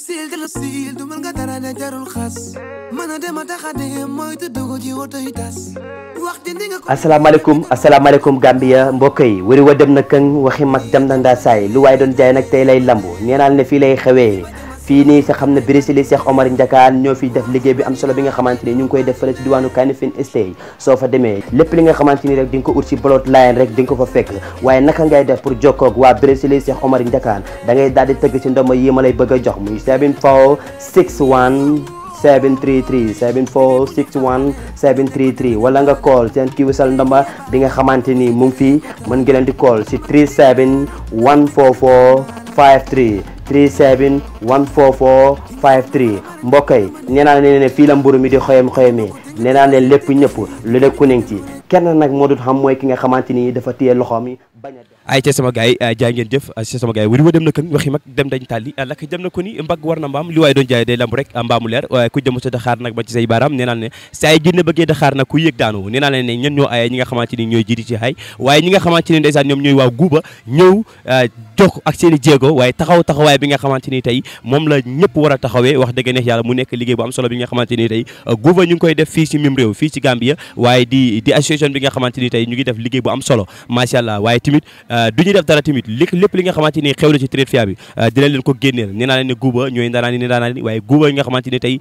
siil di a dem a tax a dem moytu Gambia mbokk yi wari wa dem na këng waxi mag dem na ndaasaay lu waaye doon jaay nag tey lay lamb ñeenaal ne fii lay xewee fii nii nga xam ne Brésil Cheikh Omar Ndiakaan ñoo fi def liggéey bi am solo bi nga xamante ni ñu ngi koy def fële ci diwaanu Kanifing State soo fa demee lépp li nga xamante ni rek di nga ko ut ci bloodline rek di nga ko fa fekk waaye naka ngay def pour jokkoo ak waa Brésil Cheikh Omar Ndiakaan da ngay daal di tëgg ci ndomba yi ma lay bëgg a jox muy 7461 733 74 61 733 wala nga call seen kii wisal ndamba bi nga xamante ni mu ngi fii mën nga leen di call si 37 144 53 37 144 53 mbokk yi nee naa leen ne fii la mburu mi di xoyam xoyamee nee naa leen lépp ñëpp lu nekk ku nekk ci kenn nag moo dut xam mooy ki nga xamante ni dafa téye loxoom yi ay ca sama gaay jaay ngeen jëf ca sama gaay yi wa dem na kan waxi mag dem dañ tàlli ah, lakk jëm na ko ni mbagg war na mbaam li waaye doon jaay day lamb rek ah, mbaamu leer waaye ku jëm sa daxaar nag ba ci say baaraam nee ne saa ñoo ay ñi nga xamante ñooy jiiti ci xay waaye ñi nga xamante ni ñoom ah, bi nga xamante ni tey moom la ñëpp war a taxawee wax dëgg neex yàlla mu nekk liggéey bu am solo bi nga ni tey guuba ñu ngi waaye di tamit euh, du ñu def dara tamit lépp li nga xamante ni xew na ci euh, nee naa leen ne guuba ñooy ndaanaan ne ndaanaan waaye guuba yi nga xamante ne ne tey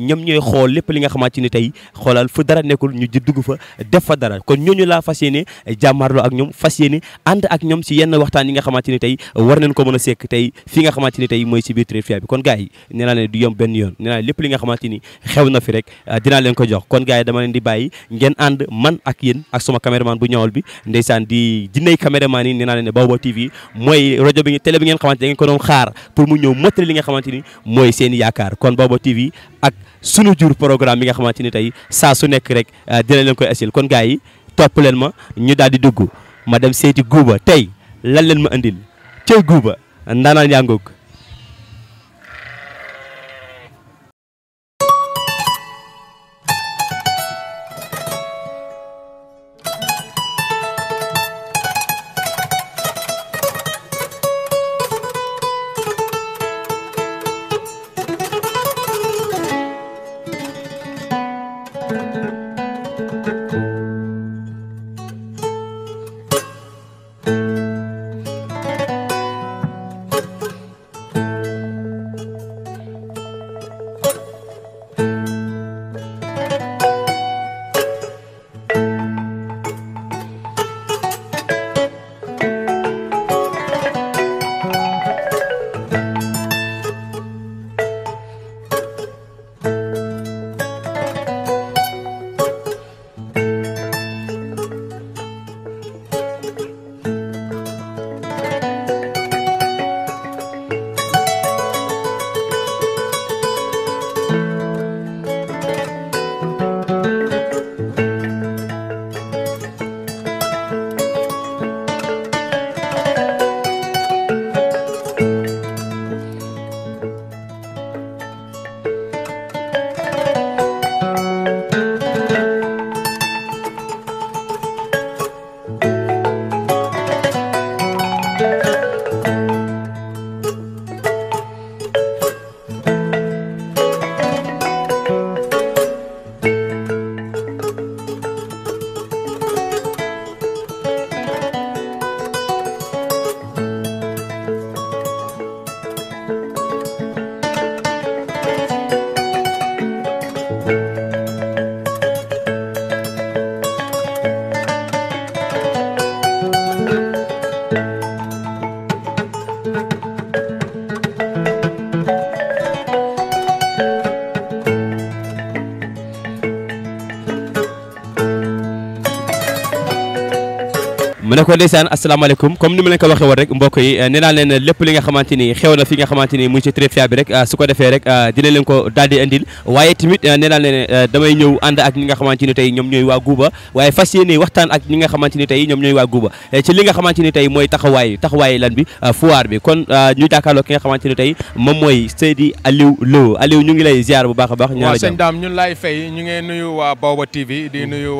ñoom ñooy xool lépp li nga xamante ne tey xoolal fu dara nekkul ñu di dugg fa def fa dara kon ñooñu laa fas yéene eh, jàmmaarloo ak ñoom fas yéene ànd ak ñoom si yenn waxtaan yi nga xamante ne tey war nañ ko mën a sekk tey fi nga xamante ne tey mooy si bi kon gars yi nee naa leen du yom benn yoon nee naa li nga xamante ni xew na fi rek eh, dinaa leen ko jox kon gars yi dama leen di bàyyi ngeen ànd man ak yéen ak sama caméraman bu ñawal bi ndeysaan di jinney caméraman yi nee naa leen ne Baobab TV mooy rajo bi télé bi ngeen xamante da ngeen ko doon xaar pour mu ñëw mottali li nga xamante mooy seen yaakaar kon Baobab TV ak sunu jur programme bi nga xamante ni tey saa su nekk rek euh, dina leen koy asil kon gars yi topp leen ma ñu daal di dugg ma dem seeti guuba tey lan leen ma andil cey guuba ndaanaan yaa ngoog mu ne ko ndeysaan asalaamaaleykum comme ni ma leen ko waxee rek mbokk yi eh, nee naa leen eh, lépp li nga xamante ni xew na fi nga xamante ni muy ci Trefia bi rek eh, su ko defee rek dina leen ko daal di indil waaye tamit nee naa leen damay ñëw ànd ak ñi nga xamante ni tey ñoom ñooy waa Guuba waaye fas yéene waxtaan ak ñi nga xamante ni tey ñoom ñooy waa Guuba ci li nga xamante ni tey mooy taxawaay taxawaay lan bi foire bi kon ñu jàkkaarloo ki nga xamante ni tey moom mooy Seydi Aliou Lo Aliou ñu ngi lay ziar bu baax a baax waaw sëñ daam ñun laay fay ñu ngi nuyu waa Baoba TV di nuyu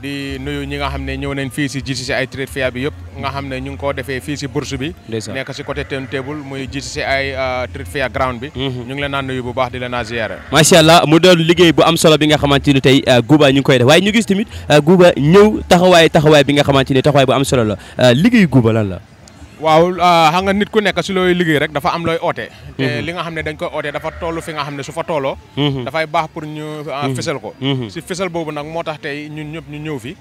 di nuyu ñi nga xam ne ñëw nañ fii si GCC ay trade fair bi yëpp nga xam ne ñu ngi ko defee fii si bourse bi nekk si côté ten table muy GCC ay euh, trade fair ground bi mhm. ñu ngi leen naan nuyu bu baax di leen naa ziyaare macha allah mu doon liggéey bu am solo bi nga xamante ni tey euh, Guuba ñu ngi koy def waaye ñu gis tamit euh, Guuba ñëw taxawaay taxawaay bi nga xamante ni taxawaay bu am solo la liggéey Guuba lan la waaw ah, xam nga nit ku nekk si looy liggéey rek dafa am looy oote. Mhm. te li nga xam ne dañ koy oote dafa toll fi nga xam ne su fa tolloo. Mhm. dafay baax pour ñu ah, mhm. fësal ko. si fësal boobu nag moo tax tey ñun ñëpp ñu ñëw fi.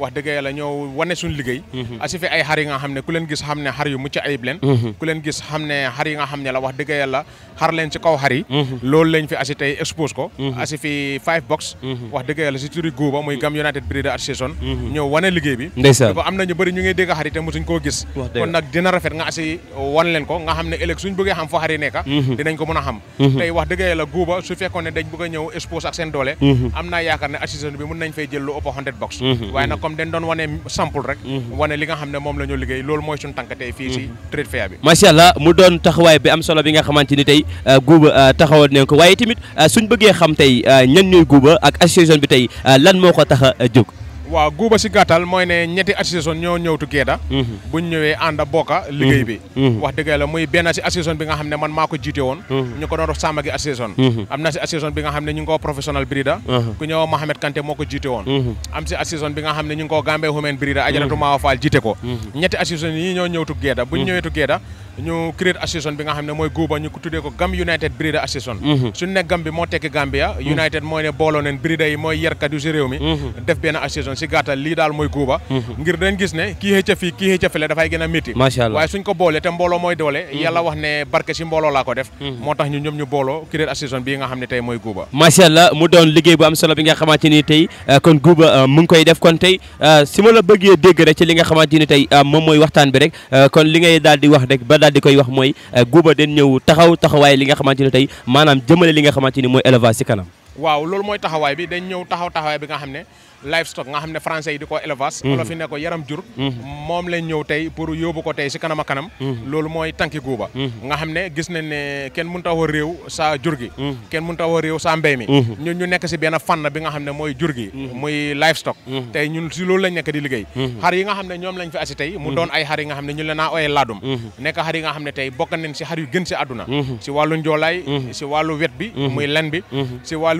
wax dëgg yàlla ñëw wane suñu liggéey. asi fi ay xar yi xam ne ku leen gis xam ne xar yu mucc ayib ne xar yi xam ne la wax dëgg yàlla xar leen si kaw xar yi. loolu lañ fi asi tey expose ko. asi fi five box. wax dëgg yàlla koo gis kon nag gën a rafet nga asi wan leen ko nga xam ne ëllëg suñ bëggee xam foo xar yi a xam mhm. tey wax dëgg yàlla guuba su fekkoon ne dañ a ñëw expose ak seen doole mhm. am naa yaakaar ne assistant bi mën mhm. xam la tey fii si euh, guuba euh, taxawoon nañ ko waaye euh, suñ bëggee xam tey ñan ñooy guuba ak association bi tax a jóg waaw guuba si gàttal mooy ne ñetti association ñoo ñëw together mhm. buñ ñëwee ànd bokka liggéey bi mhm. Mhm. wax dëgg la muy benn si association bi nga xam ne man maa ko jiite woon ñu ko doon def sàmm gi association am bi nga xam ne ñu ngi ko professional breeder uh-huh. ku ñëw Mohamed Kanté moo ko jiite woon am si association bi nga xam ne ñu ngi ko Gambia Human Breeder ajaratu Maawa Fall jiite ko ñetti association yi ñoo ñëw together buñ ñëwee together ñu créer association bi nga xam ne mooy Guuba ñu tuddee ko Gam United Breeder Association mhm. suñu ne Gam bi moo tekki Gambia mhm. United mooy ne booloo neen breeder yi mooy yerkat yu si réew mi mhm. def benn association si gàttal lii daal mooy Guuba ngir dañ gis ne kii xëcc fii kii xëcc fële dafay gën a métti waaye suñ ko boolee te mbooloo mooy doole yàlla wax ne barke si mbooloo laa ko def moo tax ñu ñoom ñu booloo euh, kon euh, koy def kon tey euh, si ma la bëggee dégg rek ci li nga xamante ni tey moom mooy waxtaan bi rek kon li ngay daal di wax rek daal di koy wax mooy euh, Gouba den ñëw taxaw taxawaay li nga xamante ni tey maanaam jëmale li nga xamante ni mooy élevage ci kanam waaw loolu mooy taxawaay bi dañ ñëw taxaw taxawaay bi nga xam ne livestock nga xam ne français yi di ko élevage mhm. olof yi ko yaram jur mhm. moom lañ ñëw tey pour yóbbu ko tey si kanama kanam mhm. loolu mooy tànki guuba nga xam ne gis nañ ne kenn mënut a wax réew sa jur gi kenn mënut a wax réew sa mbéy mi ñun ñu nekk si benn fànn bi nga xam ne mooy jur gi muy livestock tey ñun si loolu lañ nekk di liggéey xar yi nga xam ne ñoom lañ fi asi tey mu doon ay xar ne ñu leen naa nga xam ne tey bokk nañ si xar gën si àdduna si wàllu njoolaay si wàllu wet bi muy len bi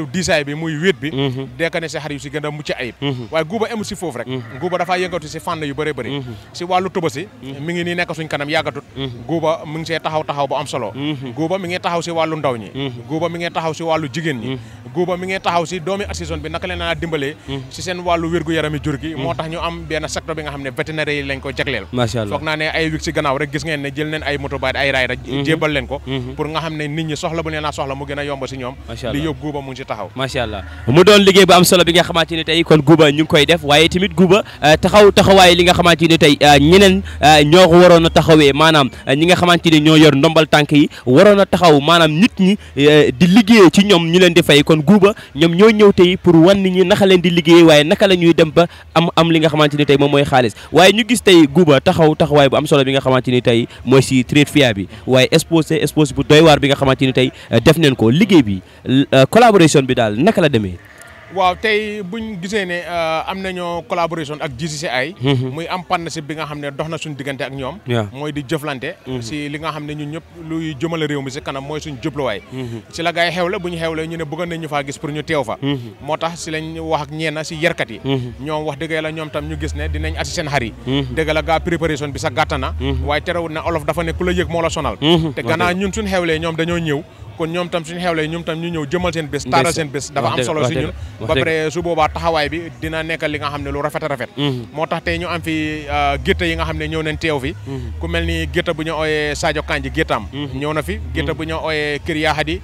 wàllu diisaay bi muy wéet bi mhm. dekk ne si xar yu si gën a mucc ayib mhm. waaye guuba emu si foofu rek mhm. guuba dafaa yëngatu si fànn yu bëree bëri si wàllu tubasi mi ngi nii nekk suñ kanam yàggatut guuba mi ngi taxaw si wàllu ndaw ñi guuba mi ngi taxaw si wàllu jigéen ñi guuba mi ngi taxaw si doomi ak saison bi naka leen naa dimbalee si seen wàllu wér yarami jur gi moo tax ñu am benn secteur bi nga xam ne vétérinaire yi lañ ko jagleel foog naa ne ay wik si a yomb si ñoom li yóbbu guuba mu ngi taxaw macha allah mu doon liggéey bu am solo bi nga xamante ni tey kon guuba ñu euh, euh, ñeneen euh, ñoo waroon a taxawee maanaam ñi nga xamante ni ñoo yor ndombal tànk yi waroon a taxaw maanaam nit ñi di liggéey ci ñoom ñu leen di fay kon guuba ñoom ñoo ñëw tey pour wan nit ñi naka leen di liggéey waaye naka la ñuy dem ba am am li nga xamante ni tey moom mooy xaalis waaye ñu gis tey guuba taxaw taxawaay bu am solo bi nga xamante ni tey mooy si Tradefia bi waaye exposé exposé bu doy waar bi nga xamante ni tey def neen ko bi bi daal naka la demee. waaw tey buñ gisee ne euh, am nañoo collaboration ak GCCI. Mhm. muy am partnership bi nga xam ne dox na suñu diggante ak ñoom. mooy di jëflante. Mhm. si li nga xam ne ñun ñëpp luy jëmale réew mi si kanam mooy suñu jubluwaay. Mhm. si la gars yi xewle bu ñu xewle ñu ne bëggoon nañ ñu faa gis pour ñu teew fa. moo tax si seen xar yi. la gaa préparation bi sax gàtt waaye terewul na olof dafa ne ku la yëg moo la sonal. te gannaaw ñun suñu xewlee ñoom dañoo ñëw. kon ñoom tam suñu xewlee ñoom tam ñu ñëw jëmal seen bés taaral seen bés dafa am solo si ñun ba pare su boobaa taxawaay bi dina nekk li nga xam ne lu rafet a mhm. moo tax te ñu am fi euh, gétta yi nga xam ne ñëw nañ teew fi mhm. ku ni gétta bu ñu ooyee Sadio Kanji géttaam mhm. ñëw na fi gétta bu ñu ooyee Kër Yahadi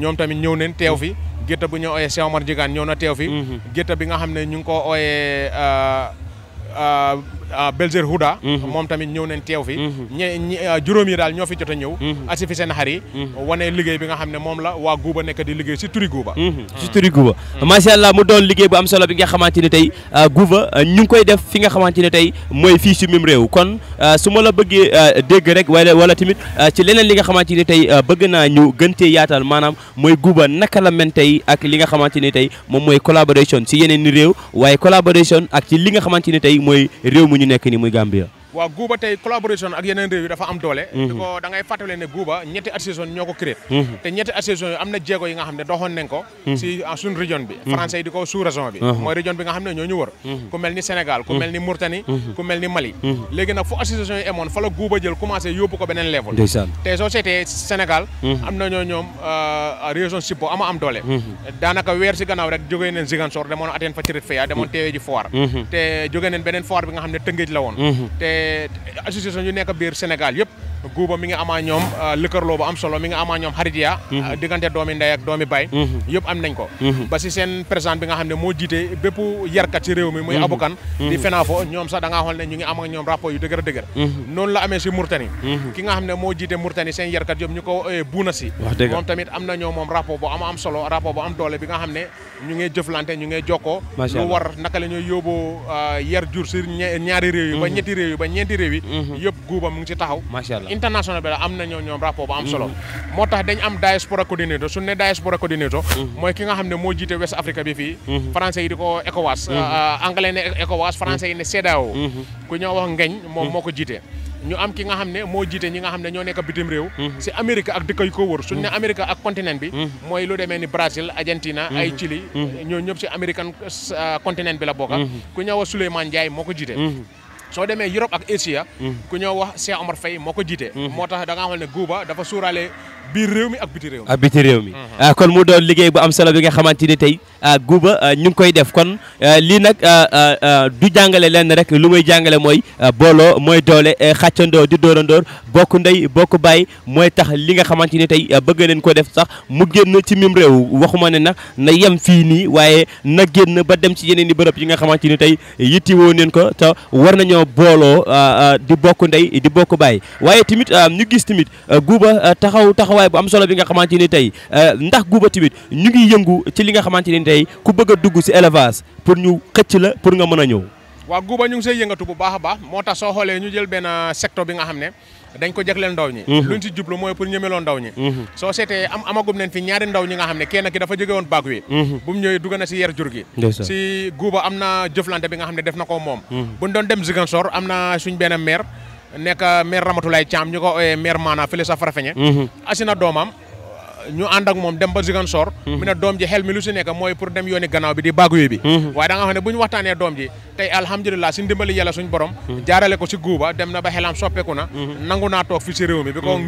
ñoom tamit ñëw neen teew fi gétta bu ñu ooyee Cheikh Omar Diegane ñëw na teew fi gétta bi nga xam ne ñu ngi ko ooyee euh, euh, Euh, Belzer Houda mhm. moom tamit ñëw nañ teew fi mhm. ñe euh, juróom yi daal ñoo fi jot a ñëw mhm. asi fi seen xar yi wane liggéey bi nga xam ne moom la waa Guuba nekk di liggéey si turi Guuba si turi Guuba macha allah mu doon liggéey bu am solo bi nga xamante tey euh, Guuba ñu koy def fi nga xamante tey mooy fii si mim réew kon su ma la bëggee dégg rek wala wala tamit leneen li nga xamante ne tey bëgg naa ñu gëntee yaatal maanaam mooy Guuba naka la men tey ak li nga xamante ne tey moom mooy collaboration si yeneen ñu nekk ni muy Gambia waaw Gouba tey collaboration ak yeneen réew yi dafa am doole mhm. di ko da ngay fàttali ne Gouba ñetti association ñoo ko créé mhm. te ñetti association yi am na jéego yi nga xam ne doxoon nañ ko mhm. si ah, suñu région bi français yi di ko sous région bi mooy région bi nag fu association yi emoon fa la Gouba jël commencé yóbbu ko beneen level te soo seetee Sénégal am na ñoo ñoom euh, région am si gannaaw rek jógee neen Ziguinchor demoon atteindre fa cirit feya demoon teewee ji te jógee neen beneen foire bi nga xam ne Tëngéej la Euh, association yu nekk biir Sénégal yëpp guuba mi ngi amaa ñoom euh, lëkkarloo bu am solo mi nga amaa ñoom xarit ya mhm. euh, diggante doomi ndey ak doomi bay mhm. yëpp am nañ ko mhm. ba si seen président bi nga xam ne moo jiite bépp yarkat ci réew mi muy abukan di FENAFO ñoom sax da ngaa xool ne ñu ngi am ak ñoom rapport yu dëgër dëgër noonu la amee si Murtani ki nga xam ne moo jiite Murtani seen yarkat yëpp ñu ko euh, buuna si moom tamit am na ñoom moom rapport bu am am solo rapport bu am doole bi nga xam ne ñu ngey jëflante ñu ngey jokkoo lu war naka la ñooy yóbboo yar jur si ñaari réew yi ñetti réew yi ba ñeenti réew yi yëpp guuba mu ngi si taxaw international bi la am na ñoom ñoom rapport bu am solo mm-hmm. moo tax dañ am diaspora coordinator su ne diaspora coordinator mm-hmm. mooy ki nga xam ne moo jiite West Africa bi fii mm-hmm. français yi di ko ECOWAS euh, anglais ne ECOWAS français yi ne CEDEAO ku ñoo wax ngeñ moom moo ko jiite ñu am ki nga xam ne moo jiite ñi nga xam ne ñoo nekk bitim réew si Amérique ak dëkk yu ko wër suñu ne Amérique ak continent bi mooy lu demee ni Brésil Argentina ay Chili ñoo ñëpp si American euh, continent bi la bokka ku ñëw wax Ndiaye moo ko jiite soo demee Europe ak Asia hmm. ku ñëw wax Cheikh Omar Faye moo ko jiite hmm. moo tax da nga xam ne Gouba dafa suuraale biir réew mi ak biti réew mi réew mi hmm. ah kon mu doon liggéey bu am solo bi nga xamante ni tey Euh, guuba euh, ñu ngi koy def kon euh, lii nag du jàngale lenn rek lu muy jàngale mooy booloo mooy doole xàccandoo di dóorandoor bokk ndey bokk bàyyi mooy tax li nga xamante ni tey bëgg nañ ko def sax mu génn ci mim réew waxuma ne nag na yem fii nii waaye na ba dem ci yeneen i bërëb yi nga xamante ni tey yittiwoo neen ko te war nañoo booloo di bokk ndey di bokk bàyyi waaye tamit ñu gis tamit guuba taxaw taxawaay bu am solo bi nga xamante ni tey ndax guuba tamit ñu ngi yëngu ci li nga xamante ni tey tey ku bëgg a dugg si élevage pour ñu xëcc la pour nga mën a ñëw waaw guuba ñu ngi say yëngatu bu baax a baax moo tax soo xoolee ñu jël benn euh, secteur bi nga xam ne dañ ko jagleel ndaw ñi mhm. luñ si jublu mooy pour ñëmeloo ndaw ñi mhm. soo seetee am amagum nañ fi ñaari ndaw ñi nga xam ne kenn ki dafa jóge woon baag wi mhm. bu ñëwee dugg na si yer jur gi si guuba am na jëflante bi nga xam ne def na ko moom buñ doon dem Ziguinchor am na suñ benn maire nekk euh, maire Ramatoulaye Thiam ñu ànd ak moom dem ba Ziguinchor mhm. mu doom ji xel mi lu si nekk mooy pour dem yooni gannaaw bi di baaguyo bi mhm. waaye da nga xam ne bu ñu waxtaanee doom ji tey alhamdulilah si ndimbali yàlla suñ borom mhm. jaarale ko si guuba dem na ba xelam soppeeku na nangu naa toog fi si réew mi bi ko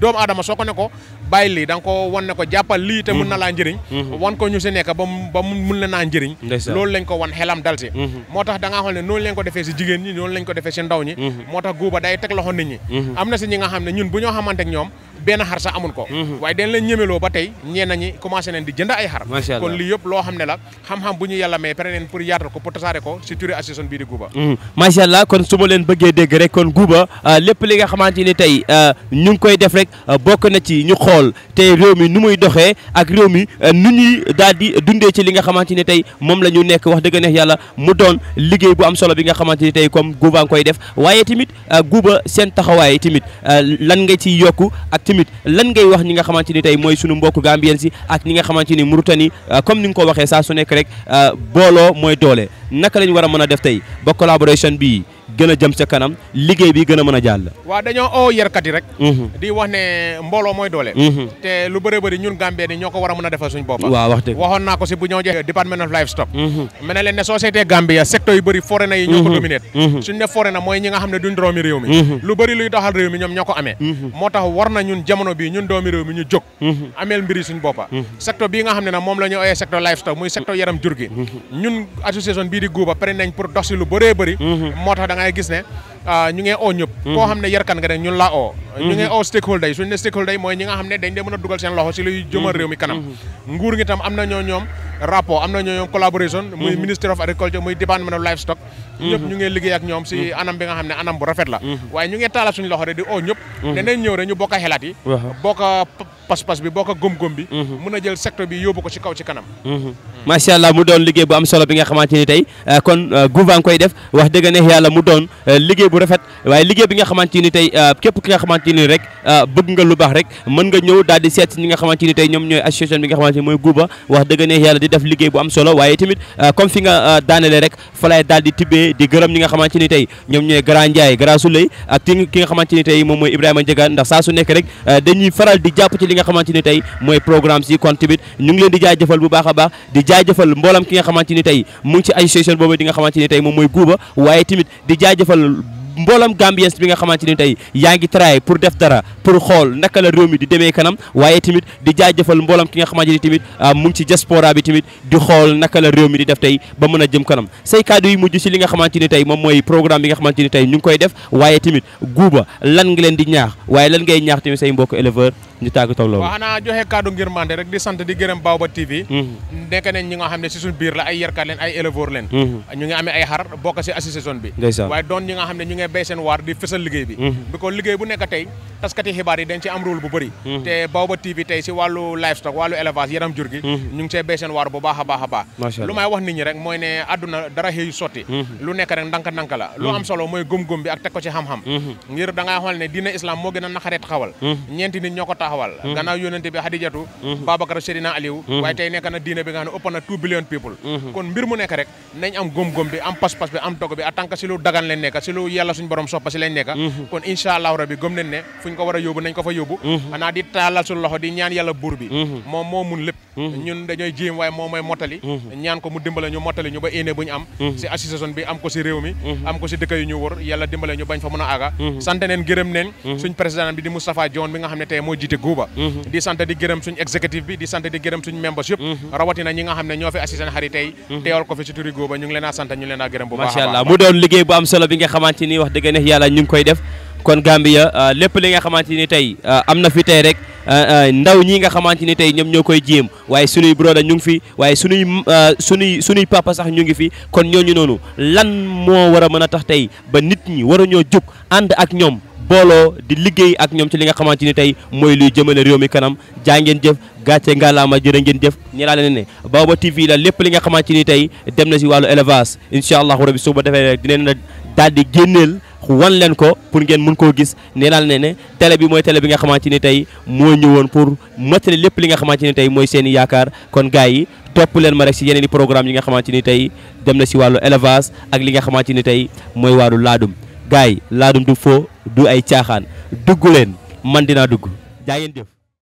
doomu aadama soo ko ne ko bàyyi lii da nga ko wan ne ko jàppal lii te mun na laa njëriñ wan ko ñu si nekk ba ba mun na naa njëriñ lool lañ ko wan xelam dal si moo tax da nga xam ne noonu defee si jigéen ñi noonu lañ ko defee si ndaw ñi moo tax guuba day teg loxo nit am na si ñi nga xam ne ñun bu ñoo xamante ñoom benn xar sax amun ko mhm. waaye dañ leen ñemeloo ba tey ñee nañi commencé nañ di jënd ay xar kon lii yëpp loo xam ne la xam-xam bu ñu yàlla may pare neen pour yaatal ko pour tasaare ko si turi association bii di Guuba macha mhm. allah kon su ma leen bëggee dégg rek euh, lépp li nga xamante ni tey euh, ñu ngi koy def rek euh, bokk na ci ñu xool te réew mi nu muy doxee ak réew mi nu ñuy daal di dundee ci li nga xamante ni tey moom la ñu nekk wax dëgg neex yàlla mu doon liggéey bu am solo bi nga xamante ni tey comme Guuba ngi koy def waaye tamit guba seen taxawaay tamit lan nga ci yokk ak tamit lan ngay wax ñi nga xamante ni tey mooy suñu mbokk gambien si ak ñi nga xamante ni Mauritanie euh, comme ni nga ko waxee saa su nekk rek euh, booloo mooy doole naka lañ war a mën a def tey ba collaboration bii gën a jëm ca kanam liggéey bi gën a mën a jàll. waaw dañoo oo yarkat rek. Mhm. di wax ne mbooloo mooy doole. Mhm. te lu bëree bëri ñun Gambie ni ñoo ko war mën a defal suñu bopp. waxoon naa ko si bu ñoo joxe département of livestock. mu mhm. ne leen ne société Gambia secteur yu bëri foreigner yi ñoo ko dominé. suñu ne foreigner mooy ñi nga xam ne duñ doomi réew mi. lu bëri luy doxal réew mi ñoom ñoo ko amee. moo tax war na ñun jamono bii ñun doomi réew mi ñu jóg. ameel ngay gis ne Ah, ñu ngee oo ñëpp mm-hmm. koo xam ne yarkan nga rek ñun laa oo mm-hmm. ñu ngee oo stakeholder yi suñu ne stakeholder yi mooy ñi nga xam ne dañ dee mën a dugal seen loxo si luy jëmal mm-hmm. réew mi kanam nguur ngi tam am na ñoo ñoom rapport am na ñoo ñoom collaboration muy ministry of agriculture muy department of livestock ñëpp ñu ngee liggéey ak ñoom si anam bi nga xam ne anam bu rafet la waaye ñu ngee taalal suñu loxo rek di oo ñëpp ne ñëw rek ñu bokk xelaat yi bokk a ni tey euh, koy bu rafet waaye liggéey bi nga xamante ni tey euh, képp ki nga xamante ni rek euh, bëgg nga lu baax rek mën nga ñëw daal di seet ñi nga xamante ni tey ñoom ñooy association bi nga xamante ni mooy guuba wax dëgg ne yàlla di def liggéey bu am solo waaye tamit euh, comme nga di tibbee di gërëm xamante ni tey ñoom ñooy grand Ndiaye grand ki nga xamante ni tey moom mooy Ibrahima Ndiagane ndax saa su nekk rek dañuy faral ci li nga xamante ni tey mooy programme si kon tamit ñu ngi leen di jaajëfal bu baax a baax di jaajëfal mboolam ki nga xamante ni tey mu ngi ci association boobu di nga xamante ni tey moom mooy guuba waaye tamit di jaajëfal mboolam gambiens bi nga xamante ni tey yaa ngi travailler pour def dara pour xool naka la réew mi di demee kanam waaye tamit di jaajëfal mboolam ki nga xamante ni tamit ah, mu ngi ci diaspora bi tamit di xool naka la réew di a jëm kanam say ni tey moom mooy programme bi nga xamante ni tey ñu nga ngay ñaax tamit say mbokk éleveur ñu tàggatoo loolu waaw xanaa joxe kàddu ngir mande rek di sant di gërëm Baobab TV mm-hmm. nekk nañ ñi nga xam ne si suñ biir la mm-hmm. bokk si association bi waaye doon ñi nga xam ne ngeen béy seen waar di fësal liggéey bi mhm. bi liggéey bu nekk tey taskati xibaar yi dañ ci am rôle bu bëri mhm. te Baobab TV tey si wàllu livestock wàllu élevage yaram jur gi mhm. ñu see béy seen waar bu baax a baax a baax lu may wax nit rek mooy ne àdduna dara xëyu sotti lu nekk rek ndank-ndank la lu am solo mooy gëm bi ak teg ko ci xam ngir da ngaa ne diina islam moo gën a naqaree taxawal ñeenti nit ñoo taxawal gannaaw yónnante bi Xadijatu la suñ borom soppa si lañ nekka mhm. kon incha allahu rabi gëm nañ ne fuñ ko war a yóbbu nañ ko fa yóbbu mhm. xanaa di taalal suñ loxo di ñaan yàlla buur bi mhm. moom moo mun lépp ñun dañooy jéem waaye moom mooy mottali ñaan ko mu dimbale ñu mottali ñu ba éene bu am si a neen gërëm neen suñ président bi di Moustapha Dione bi nga xam ne tey moo jiite Guuba di sant di gërëm suñ exécutif bi di sant di gërëm suñ membres yëpp rawatina ñi nga xam ne ñoo fi association a a wax dëgg neex yàlla ñu ngi koy def kon Gambia euh, lépp li nga xamante ni tey euh, am na fi tey rek euh, ndaw ñi nga xamante ni tey ñoom ñoo koy jéem waaye sunuy broda ñu ngi fi waaye sunuy sunuy sunuy papa sax ñu ngi fi kon ñooñu noonu lan moo war a mën a tax tey ba nit ñi war a ñoo jóg ànd ak ñoom booloo di liggéey ak ñoom ci li nga xamante ni tey mooy luy jëmale réew mi kanam jaa ngeen jëf gàcce ngalaama jërë ngeen jëf ñi laa leen ne Baobab TV la lépp li nga xamante ni tey dem na si wàllu élevage incha allahu rabi suba defee rek dinañ daal di génneel wan leen ko pour ngeen mën koo gis nee daal ne ne télé bi mooy télé bi nga xamante ni tey moo ñëwoon pour mottali lépp li nga xamante ni tey mooy seen i yaakaar kon gars yi topp leen ma rek si yeneen i programme yi nga xamante ni tey dem na si wàllu élevage ak li nga xamante ni tey mooy wàllu laadum gars yi laadum du fo du ay caaxaan dugg leen man dinaa dugg jaa ngeen jëf